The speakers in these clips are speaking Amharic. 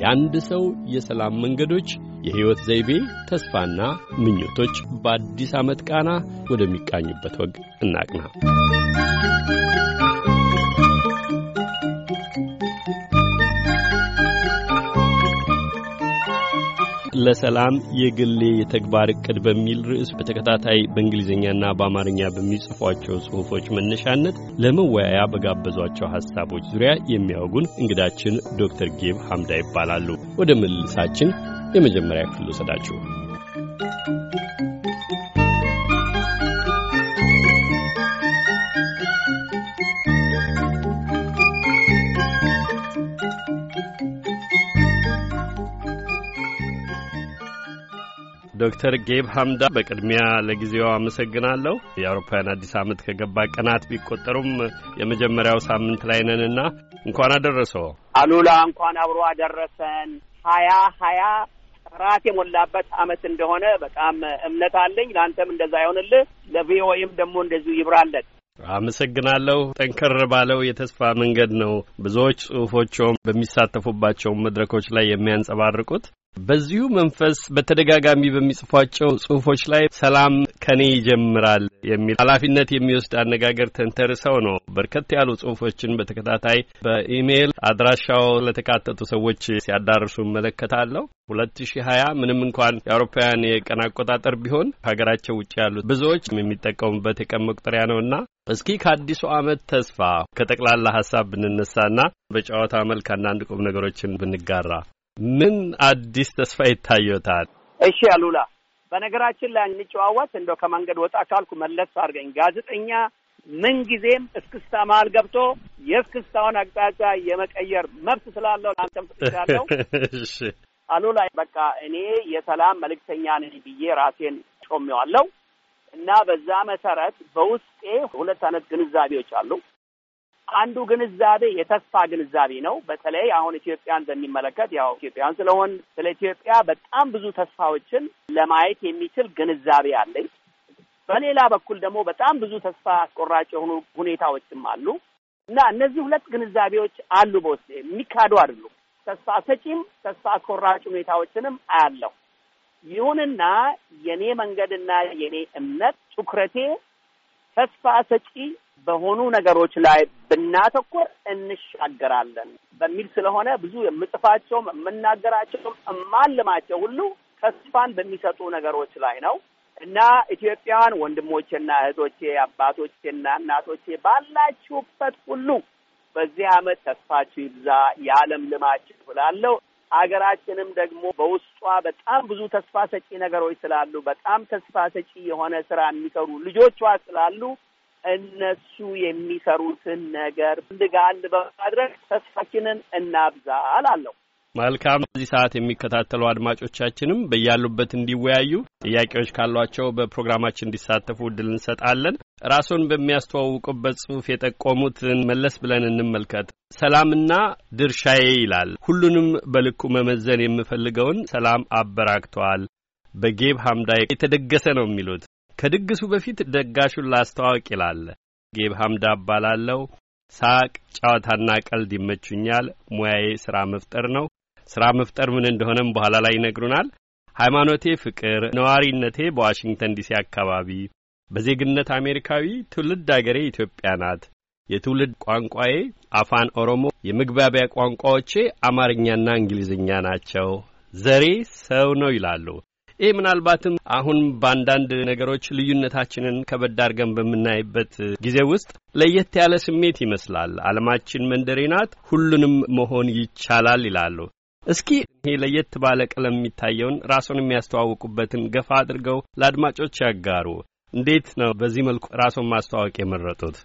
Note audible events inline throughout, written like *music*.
የአንድ ሰው የሰላም መንገዶች፣ የሕይወት ዘይቤ፣ ተስፋና ምኞቶች በአዲስ ዓመት ቃና ወደሚቃኙበት ወግ እናቅና። ለሰላም የግሌ የተግባር እቅድ በሚል ርዕስ በተከታታይ በእንግሊዝኛና በአማርኛ በሚጽፏቸው ጽሑፎች መነሻነት ለመወያያ በጋበዟቸው ሐሳቦች ዙሪያ የሚያወጉን እንግዳችን ዶክተር ጌብ ሐምዳ ይባላሉ። ወደ ምልልሳችን የመጀመሪያ ክፍል ወሰዳችሁ። ዶክተር ጌብ ሀምዳ በቅድሚያ ለጊዜው አመሰግናለሁ። የአውሮፓውያን አዲስ ዓመት ከገባ ቀናት ቢቆጠሩም የመጀመሪያው ሳምንት ላይ ነንና እንኳን አደረሰው አሉላ። እንኳን አብሮ አደረሰን ሀያ ሀያ ጥራት የሞላበት አመት እንደሆነ በጣም እምነት አለኝ። ለአንተም እንደዛ ይሆንልህ፣ ለቪኦኤም ደግሞ እንደዚሁ ይብራለን። አመሰግናለሁ። ጠንከር ባለው የተስፋ መንገድ ነው ብዙዎች ጽሁፎቸውም በሚሳተፉባቸው መድረኮች ላይ የሚያንጸባርቁት። በዚሁ መንፈስ በተደጋጋሚ በሚጽፏቸው ጽሁፎች ላይ ሰላም ከኔ ይጀምራል የሚል ኃላፊነት የሚወስድ አነጋገር ተንተርሰው ነው በርከት ያሉ ጽሁፎችን በተከታታይ በኢሜይል አድራሻው ለተካተቱ ሰዎች ሲያዳርሱ እመለከታለሁ። ሁለት ሺ ሀያ ምንም እንኳን የአውሮፓውያን የቀን አቆጣጠር ቢሆን ከሀገራቸው ውጭ ያሉት ብዙዎች የሚጠቀሙበት የቀን መቁጠሪያ ነውና እስኪ ከአዲሱ አመት ተስፋ ከጠቅላላ ሀሳብ ብንነሳና በጨዋታ መልክ አንዳንድ ቁም ነገሮችን ብንጋራ ምን አዲስ ተስፋ ይታየታል? እሺ አሉላ፣ በነገራችን ላይ እንጨዋወት እንደው ከመንገድ ወጣ ካልኩ መለስ አድርገኝ። ጋዜጠኛ ጊዜም እስክስታ መሀል ገብቶ የእስክስታውን አቅጣጫ የመቀየር መብት ስላለው ለአንተም *laughs* እሺ አሉላ፣ በቃ እኔ የሰላም መልእክተኛ ነኝ ብዬ ራሴን ጮሜዋለሁ እና በዛ መሰረት በውስጤ ሁለት አይነት ግንዛቤዎች አሉ። አንዱ ግንዛቤ የተስፋ ግንዛቤ ነው። በተለይ አሁን ኢትዮጵያን በሚመለከት ያው ኢትዮጵያን ስለሆን ስለ ኢትዮጵያ በጣም ብዙ ተስፋዎችን ለማየት የሚችል ግንዛቤ አለኝ። በሌላ በኩል ደግሞ በጣም ብዙ ተስፋ አስቆራጭ የሆኑ ሁኔታዎችም አሉ እና እነዚህ ሁለት ግንዛቤዎች አሉ በውስጤ የሚካዱ አይደሉም። ተስፋ ሰጪም ተስፋ አስቆራጭ ሁኔታዎችንም አያለሁ። ይሁንና የኔ መንገድና የኔ እምነት ትኩረቴ ተስፋ ሰጪ በሆኑ ነገሮች ላይ ብናተኮር እንሻገራለን በሚል ስለሆነ ብዙ የምጽፋቸውም የምናገራቸውም እማልማቸው ሁሉ ተስፋን በሚሰጡ ነገሮች ላይ ነው እና ኢትዮጵያውያን ወንድሞቼና እህቶቼ፣ አባቶቼና እናቶቼ ባላችሁበት ሁሉ በዚህ ዓመት ተስፋችሁ ይብዛ፣ የዓለም ልማችሁ ብላለሁ። አገራችንም ደግሞ በውስጧ በጣም ብዙ ተስፋ ሰጪ ነገሮች ስላሉ በጣም ተስፋ ሰጪ የሆነ ስራ የሚሰሩ ልጆቿ ስላሉ እነሱ የሚሰሩትን ነገር እንድጋል በማድረግ ተስፋችንን እናብዛል አለው። መልካም። በዚህ ሰዓት የሚከታተሉ አድማጮቻችንም በያሉበት እንዲወያዩ ጥያቄዎች ካሏቸው በፕሮግራማችን እንዲሳተፉ እድል እንሰጣለን። ራስዎን በሚያስተዋውቁበት ጽሁፍ የጠቆሙትን መለስ ብለን እንመልከት። ሰላምና ድርሻዬ ይላል። ሁሉንም በልኩ መመዘን የምፈልገውን ሰላም አበራክተዋል። በጌብ ሐምዳይ የተደገሰ ነው የሚሉት ከድግሱ በፊት ደጋሹን ላስተዋወቅ ይላል። ጌብ ሐምዳ እባላለሁ። ሳቅ፣ ጨዋታና ቀልድ ይመቹኛል። ሙያዬ ስራ መፍጠር ነው። ስራ መፍጠር ምን እንደሆነም በኋላ ላይ ይነግሩናል። ሃይማኖቴ ፍቅር፣ ነዋሪነቴ በዋሽንግተን ዲሲ አካባቢ በዜግነት አሜሪካዊ ትውልድ አገሬ ኢትዮጵያ ናት። የትውልድ ቋንቋዬ አፋን ኦሮሞ፣ የመግባቢያ ቋንቋዎቼ አማርኛና እንግሊዝኛ ናቸው። ዘሬ ሰው ነው ይላሉ። ይህ ምናልባትም አሁን በአንዳንድ ነገሮች ልዩነታችንን ከበድ አድርገን በምናይበት ጊዜ ውስጥ ለየት ያለ ስሜት ይመስላል። ዓለማችን መንደሬ ናት፣ ሁሉንም መሆን ይቻላል ይላሉ። እስኪ ይሄ ለየት ባለ ቀለም የሚታየውን ራስዎን የሚያስተዋውቁበትን ገፋ አድርገው ለአድማጮች ያጋሩ። እንዴት ነው በዚህ መልኩ ራስዎን ማስተዋወቅ የመረጡት?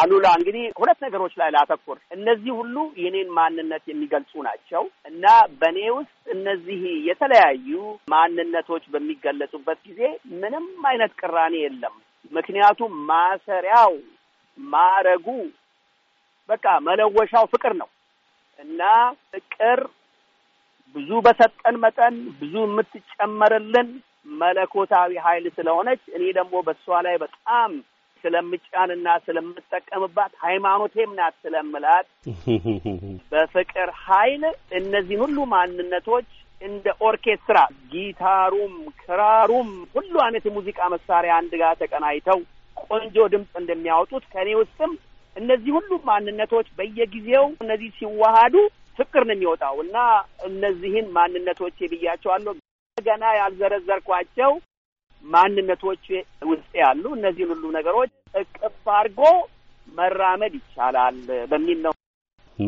አሉላ እንግዲህ ሁለት ነገሮች ላይ ላተኩር። እነዚህ ሁሉ የኔን ማንነት የሚገልጹ ናቸው እና በእኔ ውስጥ እነዚህ የተለያዩ ማንነቶች በሚገለጹበት ጊዜ ምንም አይነት ቅራኔ የለም። ምክንያቱም ማሰሪያው ማረጉ በቃ መለወሻው ፍቅር ነው እና ፍቅር ብዙ በሰጠን መጠን ብዙ የምትጨመርልን መለኮታዊ ኃይል ስለሆነች እኔ ደግሞ በእሷ ላይ በጣም ስለምጫንና ስለምጠቀምባት ሃይማኖቴም ናት ስለምላት *laughs* በፍቅር ኃይል እነዚህን ሁሉ ማንነቶች እንደ ኦርኬስትራ ጊታሩም፣ ክራሩም ሁሉ አይነት የሙዚቃ መሳሪያ አንድ ጋር ተቀናይተው ቆንጆ ድምፅ እንደሚያወጡት ከእኔ ውስጥም እነዚህ ሁሉ ማንነቶች በየጊዜው እነዚህ ሲዋሃዱ ፍቅር ነው የሚወጣው እና እነዚህን ማንነቶች ብያቸዋለሁ። ገና ያልዘረዘርኳቸው ማንነቶች ውስጥ ያሉ እነዚህን ሁሉ ነገሮች እቅፍ አድርጎ መራመድ ይቻላል በሚል ነው።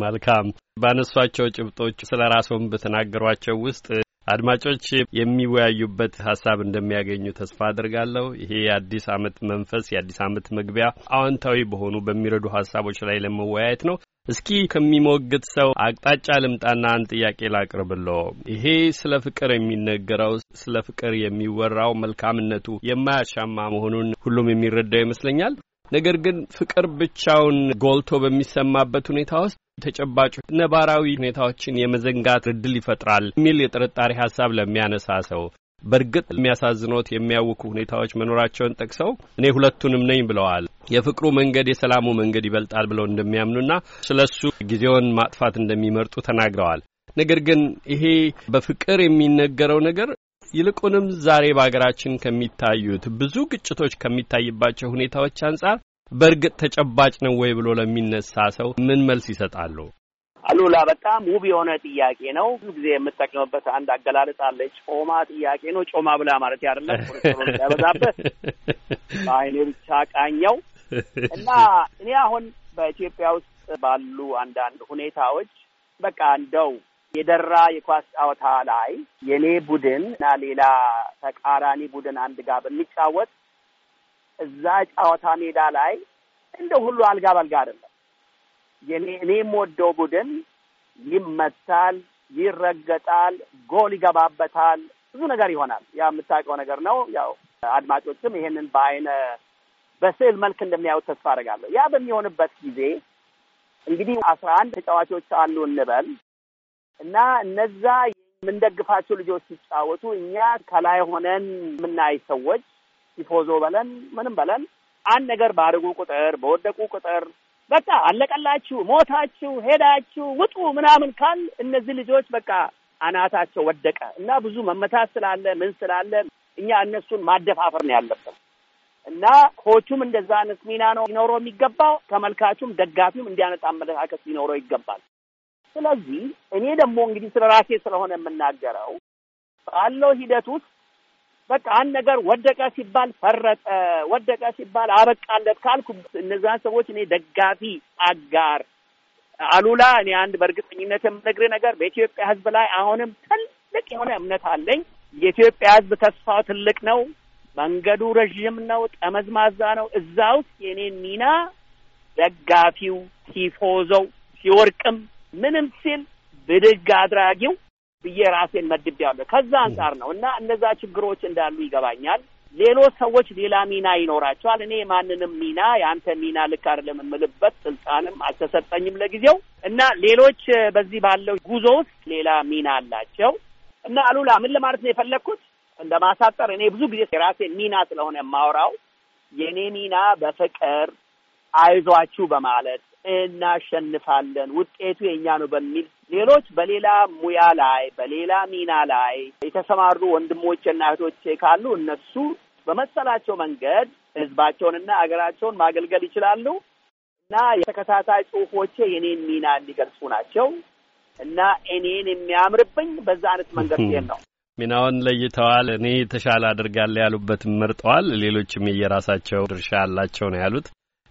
መልካም ባነሷቸው ጭብጦች ስለ ራስዎም በተናገሯቸው ውስጥ አድማጮች የሚወያዩበት ሀሳብ እንደሚያገኙ ተስፋ አድርጋለሁ። ይሄ የአዲስ አመት መንፈስ የአዲስ አመት መግቢያ አዎንታዊ በሆኑ በሚረዱ ሀሳቦች ላይ ለመወያየት ነው። እስኪ ከሚሞግት ሰው አቅጣጫ ልምጣና አንድ ጥያቄ ላቅርብሎ። ይሄ ስለ ፍቅር የሚነገረው ስለ ፍቅር የሚወራው መልካምነቱ የማያሻማ መሆኑን ሁሉም የሚረዳው ይመስለኛል። ነገር ግን ፍቅር ብቻውን ጎልቶ በሚሰማበት ሁኔታ ውስጥ ተጨባጭ ነባራዊ ሁኔታዎችን የመዘንጋት እድል ይፈጥራል የሚል የጥርጣሬ ሀሳብ ለሚያነሳ ሰው በእርግጥ የሚያሳዝኖት የሚያውኩ ሁኔታዎች መኖራቸውን ጠቅሰው እኔ ሁለቱንም ነኝ ብለዋል። የፍቅሩ መንገድ የሰላሙ መንገድ ይበልጣል ብለው እንደሚያምኑና ስለ እሱ ጊዜውን ማጥፋት እንደሚመርጡ ተናግረዋል። ነገር ግን ይሄ በፍቅር የሚነገረው ነገር ይልቁንም ዛሬ በሀገራችን ከሚታዩት ብዙ ግጭቶች ከሚታይባቸው ሁኔታዎች አንጻር በእርግጥ ተጨባጭ ነው ወይ ብሎ ለሚነሳ ሰው ምን መልስ ይሰጣሉ? አሉላ በጣም ውብ የሆነ ጥያቄ ነው። ብዙ ጊዜ የምጠቀምበት አንድ አገላለጽ አለ። ጮማ ጥያቄ ነው። ጮማ ብላ ማለት ያደለ ያበዛበት በአይኔ ብቻ ቃኘው እና እኔ አሁን በኢትዮጵያ ውስጥ ባሉ አንዳንድ ሁኔታዎች በቃ እንደው የደራ የኳስ ጨዋታ ላይ የኔ ቡድን እና ሌላ ተቃራኒ ቡድን አንድ ጋር በሚጫወት እዛ ጨዋታ ሜዳ ላይ እንደ ሁሉ አልጋ በልጋ አይደለም እኔ የምወደው ቡድን ይመታል፣ ይረገጣል፣ ጎል ይገባበታል፣ ብዙ ነገር ይሆናል። ያ የምታውቀው ነገር ነው። ያው አድማጮችም ይሄንን በአይነ በስዕል መልክ እንደሚያዩት ተስፋ አደርጋለሁ። ያ በሚሆንበት ጊዜ እንግዲህ አስራ አንድ ተጫዋቾች አሉ እንበል እና እነዛ የምንደግፋቸው ልጆች ሲጫወቱ እኛ ከላይ ሆነን የምናይ ሰዎች ሲፎዞ በለን ምንም በለን አንድ ነገር ባደረጉ ቁጥር በወደቁ ቁጥር በቃ አለቀላችሁ፣ ሞታችሁ፣ ሄዳችሁ ውጡ ምናምን ካል እነዚህ ልጆች በቃ አናታቸው ወደቀ እና ብዙ መመታት ስላለ ምን ስላለ እኛ እነሱን ማደፋፈር ነው ያለብን እና ኮቹም እንደዛ አይነት ሚና ነው ሊኖረው የሚገባው። ተመልካቹም ደጋፊውም እንዲህ አይነት አመለካከት ሊኖረው ይገባል። ስለዚህ እኔ ደግሞ እንግዲህ ስለ ራሴ ስለሆነ የምናገረው ባለው ሂደት ውስጥ በቃ አንድ ነገር ወደቀ ሲባል ፈረጠ፣ ወደቀ ሲባል አበቃለት ካልኩ እነዛን ሰዎች እኔ ደጋፊ አጋር አሉላ እኔ አንድ በእርግጠኝነት የምነግርህ ነገር በኢትዮጵያ ሕዝብ ላይ አሁንም ትልቅ የሆነ እምነት አለኝ። የኢትዮጵያ ሕዝብ ተስፋው ትልቅ ነው። መንገዱ ረዥም ነው፣ ጠመዝማዛ ነው። እዛ ውስጥ የእኔን ሚና ደጋፊው፣ ሲፎዘው፣ ሲወርቅም ምንም ሲል ብድግ አድራጊው ብዬ ራሴን ያለ ከዛ አንጻር ነው እና እነዛ ችግሮች እንዳሉ ይገባኛል። ሌሎች ሰዎች ሌላ ሚና ይኖራቸዋል። እኔ ማንንም ሚና የአንተ ሚና ልክ አይደለም የምልበት ስልጣንም አልተሰጠኝም ለጊዜው እና ሌሎች በዚህ ባለው ጉዞ ውስጥ ሌላ ሚና አላቸው እና አሉላ ምን ለማለት ነው የፈለግኩት እንደ ማሳጠር እኔ ብዙ ጊዜ የራሴ ሚና ስለሆነ የማወራው የእኔ ሚና በፍቅር አይዟችሁ በማለት እናሸንፋለን፣ ውጤቱ የእኛ ነው በሚል ሌሎች በሌላ ሙያ ላይ በሌላ ሚና ላይ የተሰማሩ ወንድሞቼና እህቶቼ ካሉ እነሱ በመሰላቸው መንገድ ህዝባቸውንና አገራቸውን ማገልገል ይችላሉ እና የተከታታይ ጽሁፎቼ የኔን ሚና እንዲገልጹ ናቸው እና እኔን የሚያምርብኝ በዛ አይነት መንገድ ሲሄድ ነው። ሚናውን ለይተዋል። እኔ የተሻለ አድርጋለሁ ያሉበትን መርጠዋል። ሌሎችም የየራሳቸው ድርሻ አላቸው ነው ያሉት።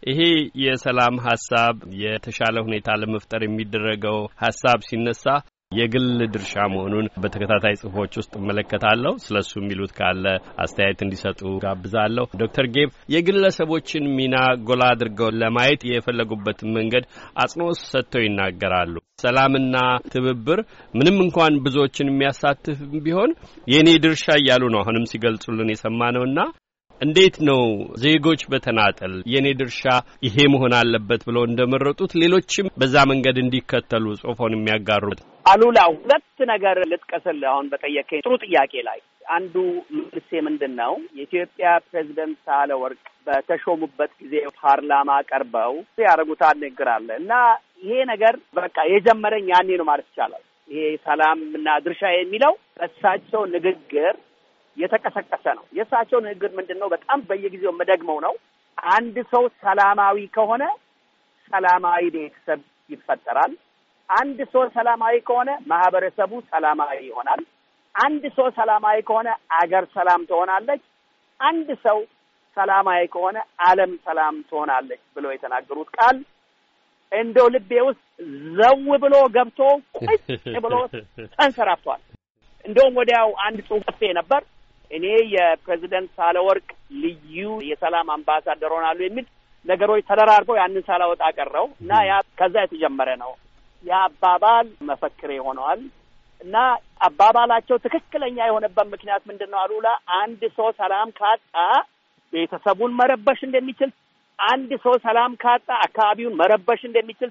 ይሄ የሰላም ሀሳብ የተሻለ ሁኔታ ለመፍጠር የሚደረገው ሀሳብ ሲነሳ የግል ድርሻ መሆኑን በተከታታይ ጽሁፎች ውስጥ እመለከታለሁ። ስለ እሱ የሚሉት ካለ አስተያየት እንዲሰጡ ጋብዛለሁ። ዶክተር ጌብ የግለሰቦችን ሚና ጎላ አድርገው ለማየት የፈለጉበትን መንገድ አጽንኦት ሰጥተው ይናገራሉ። ሰላምና ትብብር ምንም እንኳን ብዙዎችን የሚያሳትፍ ቢሆን የእኔ ድርሻ እያሉ ነው አሁንም ሲገልጹልን የሰማ ነውና እንዴት ነው ዜጎች በተናጠል የእኔ ድርሻ ይሄ መሆን አለበት ብለው እንደመረጡት ሌሎችም በዛ መንገድ እንዲከተሉ ጽሁፎን የሚያጋሩት? አሉላ ሁለት ነገር ልጥቀስል። አሁን በጠየቀኝ ጥሩ ጥያቄ ላይ አንዱ መልሴ ምንድን ነው የኢትዮጵያ ፕሬዚደንት ወርቅ በተሾሙበት ጊዜ ፓርላማ ቀርበው ያደረጉት ንግግር አለ እና ይሄ ነገር በቃ የጀመረኝ ያኔ ነው ማለት ይቻላል። ይሄ ሰላም እና ድርሻ የሚለው በሳቸው ንግግር የተቀሰቀሰ ነው። የእሳቸው ንግግር ምንድን ነው? በጣም በየጊዜው የምደግመው ነው። አንድ ሰው ሰላማዊ ከሆነ ሰላማዊ ቤተሰብ ይፈጠራል። አንድ ሰው ሰላማዊ ከሆነ ማህበረሰቡ ሰላማዊ ይሆናል። አንድ ሰው ሰላማዊ ከሆነ አገር ሰላም ትሆናለች። አንድ ሰው ሰላማዊ ከሆነ ዓለም ሰላም ትሆናለች ብለው የተናገሩት ቃል እንደው ልቤ ውስጥ ዘው ብሎ ገብቶ ቁጭ ብሎ ተንሰራፍቷል። እንደውም ወዲያው አንድ ጽሑፍ ጽፌ ነበር እኔ የፕሬዚደንት ሳለወርቅ ልዩ የሰላም አምባሳደር ሆናሉ የሚል ነገሮች ተደራርበው ያንን ሳላወጣ ቀረው እና ያ ከዛ የተጀመረ ነው። የአባባል መፈክር መፈክሬ ሆነዋል እና አባባላቸው ትክክለኛ የሆነበት ምክንያት ምንድን ነው? አሉላ አንድ ሰው ሰላም ካጣ ቤተሰቡን መረበሽ እንደሚችል፣ አንድ ሰው ሰላም ካጣ አካባቢውን መረበሽ እንደሚችል፣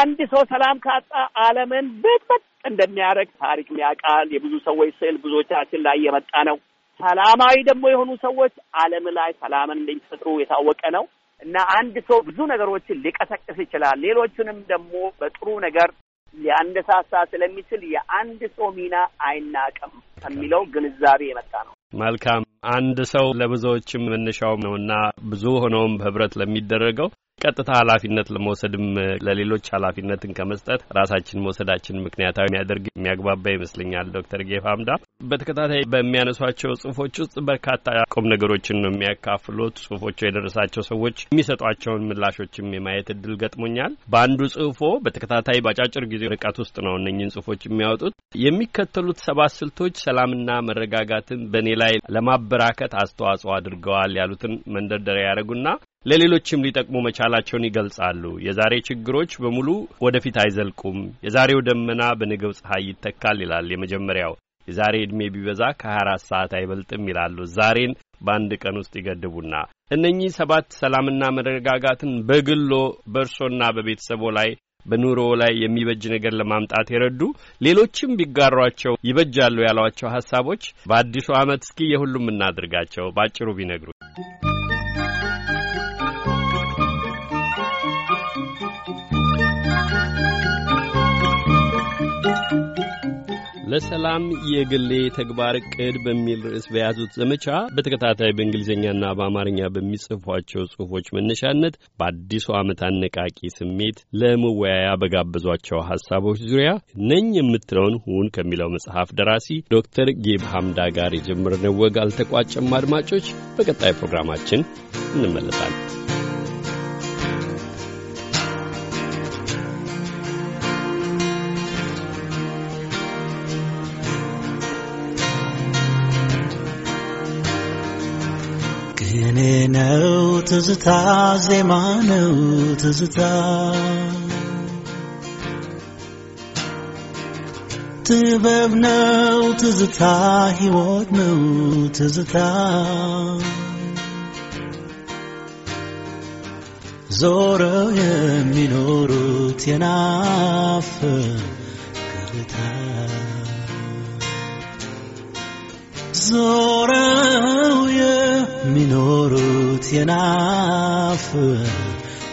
አንድ ሰው ሰላም ካጣ ዓለምን ብጥብጥ እንደሚያደርግ ታሪክ ያውቃል። የብዙ ሰዎች ስዕል ብዙዎቻችን ላይ የመጣ ነው። ሰላማዊ ደግሞ የሆኑ ሰዎች ዓለም ላይ ሰላምን እንደሚፈጥሩ የታወቀ ነው እና አንድ ሰው ብዙ ነገሮችን ሊቀሰቅስ ይችላል። ሌሎቹንም ደግሞ በጥሩ ነገር ሊያነሳሳ ስለሚችል የአንድ ሰው ሚና አይናቅም ከሚለው ግንዛቤ የመጣ ነው። መልካም። አንድ ሰው ለብዙዎችም መነሻውም ነውና ብዙ ሆነውም በህብረት ለሚደረገው ቀጥታ ኃላፊነት ለመውሰድም ለሌሎች ኃላፊነትን ከመስጠት ራሳችን መውሰዳችን ምክንያታዊ የሚያደርግ የሚያግባባ ይመስለኛል። ዶክተር ጌፍ አምዳ በተከታታይ በሚያነሷቸው ጽሁፎች ውስጥ በርካታ ቁም ነገሮችን ነው የሚያካፍሉት። ጽሁፎቹ የደረሳቸው ሰዎች የሚሰጧቸውን ምላሾችም የማየት እድል ገጥሞኛል። በአንዱ ጽሁፎ በተከታታይ በአጫጭር ጊዜ ርቀት ውስጥ ነው እነኝን ጽሁፎች የሚያወጡት። የሚከተሉት ሰባት ስልቶች ሰላምና መረጋጋትን በእኔ ላይ ለማበራከት አስተዋጽኦ አድርገዋል ያሉትን መንደርደሪያ ያደረጉና ለሌሎችም ሊጠቅሙ መቻላቸውን ይገልጻሉ። የዛሬ ችግሮች በሙሉ ወደፊት አይዘልቁም፣ የዛሬው ደመና በንግብ ፀሐይ ይተካል ይላል የመጀመሪያው። የዛሬ ዕድሜ ቢበዛ ከ24 ሰዓት አይበልጥም ይላሉ። ዛሬን በአንድ ቀን ውስጥ ይገድቡና እነኚህ ሰባት ሰላምና መረጋጋትን በግሎ በእርሶና በቤተሰቦ ላይ በኑሮ ላይ የሚበጅ ነገር ለማምጣት የረዱ ሌሎችም ቢጋሯቸው ይበጃሉ ያሏቸው ሀሳቦች በአዲሱ ዓመት እስኪ የሁሉም እናድርጋቸው በአጭሩ ቢነግሩት። ለሰላም የግሌ ተግባር ቅድ በሚል ርዕስ በያዙት ዘመቻ በተከታታይ በእንግሊዝኛና በአማርኛ በሚጽፏቸው ጽሑፎች መነሻነት በአዲሱ ዓመት አነቃቂ ስሜት ለመወያያ በጋበዟቸው ሐሳቦች ዙሪያ ነኝ የምትለውን ሁን ከሚለው መጽሐፍ ደራሲ ዶክተር ጌብ ሐምዳ ጋር የጀመርነው ወግ አልተቋጨም። አድማጮች፣ በቀጣይ ፕሮግራማችን እንመለሳለን። ትዝታ ዜማ ነው ትዝታ ጥበብ ነው ትዝታ ሕይወት ነው ትዝታ ዞረው የሚኖሩት የናፍ ገበታ ዞረው የሚኖሩት የናፍቅ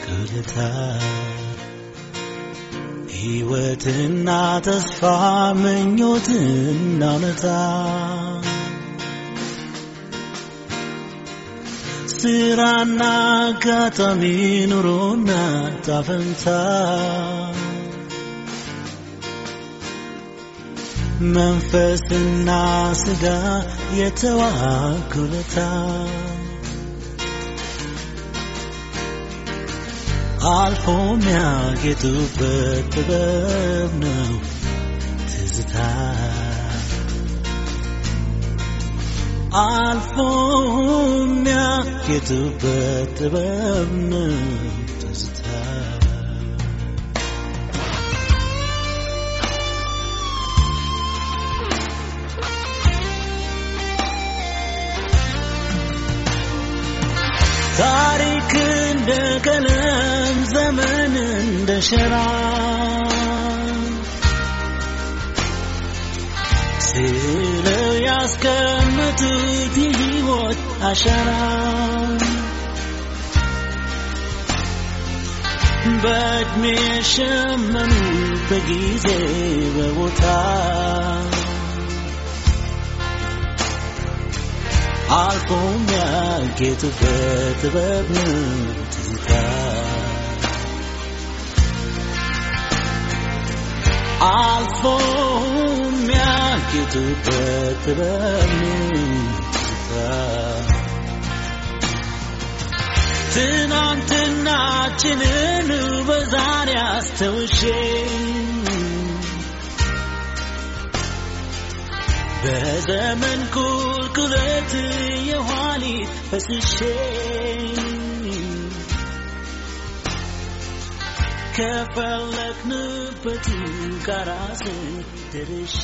ከልታ ሕይወትና ተስፋ ምኞትና እውነታ ስራና አጋጣሚ ኑሮና ጣፈንታ መንፈስና ስጋ የተዋኩለታ አልፎ የሚያጌጡበት ጥበብ ነው ትዝታ አልፎ የሚያጌጡበት ጥበብ ነው ትዝታ ታሪክ እንደገና ተሸራም ስለው ያስቀመጡት የሕይወት አሸራ በዕድሜ የሸመኑ በጊዜ በቦታ አልፎም ያጌጡበት ጥበብ ትዝታ አልፎሚያ ጌቱበት በምትታ ትናንትናችንን በዛሬ አስተውሼ በዘመን ቁልቁለት የኋሊት ፈስሼ ከፈለክ ንበት ጋራስ ድርሼ